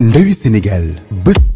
ndawi Sénégal bés